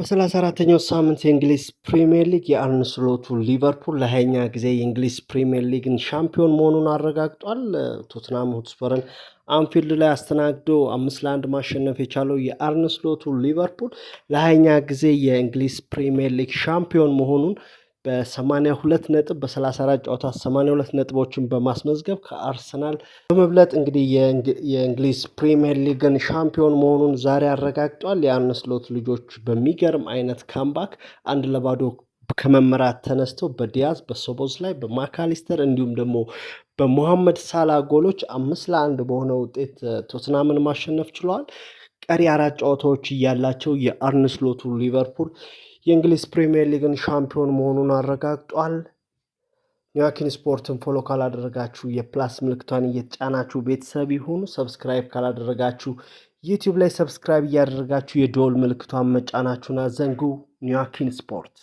በሰላሳ አራተኛው ሳምንት የእንግሊዝ ፕሪምየር ሊግ የአርን ስሎቱ ሊቨርፑል ለሀያኛ ጊዜ የእንግሊዝ ፕሪምየር ሊግን ሻምፒዮን መሆኑን አረጋግጧል። ቶትናም ሆትስፐርን አንፊልድ ላይ አስተናግዶ አምስት ለአንድ ማሸነፍ የቻለው የአርን ስሎቱ ሊቨርፑል ለሀያኛ ጊዜ የእንግሊዝ ፕሪምየር ሊግ ሻምፒዮን መሆኑን በ82 ነጥብ በ34 ጨዋታ 82 ነጥቦችን በማስመዝገብ ከአርሰናል በመብለጥ እንግዲህ የእንግሊዝ ፕሪምየር ሊግን ሻምፒዮን መሆኑን ዛሬ አረጋግጧል። የአርነ ስሎት ልጆች በሚገርም አይነት ካምባክ አንድ ለባዶ ከመመራት ተነስተው በዲያዝ በሶቦዝ ላይ በማካሊስተር እንዲሁም ደግሞ በሞሐመድ ሳላ ጎሎች አምስት ለአንድ በሆነ ውጤት ቶትናምን ማሸነፍ ችለዋል። ቀሪ አራት ጨዋታዎች እያላቸው የአርንስሎቱ ሊቨርፑል የእንግሊዝ ፕሪምየር ሊግን ሻምፒዮን መሆኑን አረጋግጧል። ኒዋኪን ስፖርትን ፎሎ ካላደረጋችሁ የፕላስ ምልክቷን እየተጫናችሁ ቤተሰብ ይሁኑ። ሰብስክራይብ ካላደረጋችሁ ዩቲዩብ ላይ ሰብስክራይብ እያደረጋችሁ የደወል ምልክቷን መጫናችሁን አዘንጉ። ኒዋኪን ስፖርት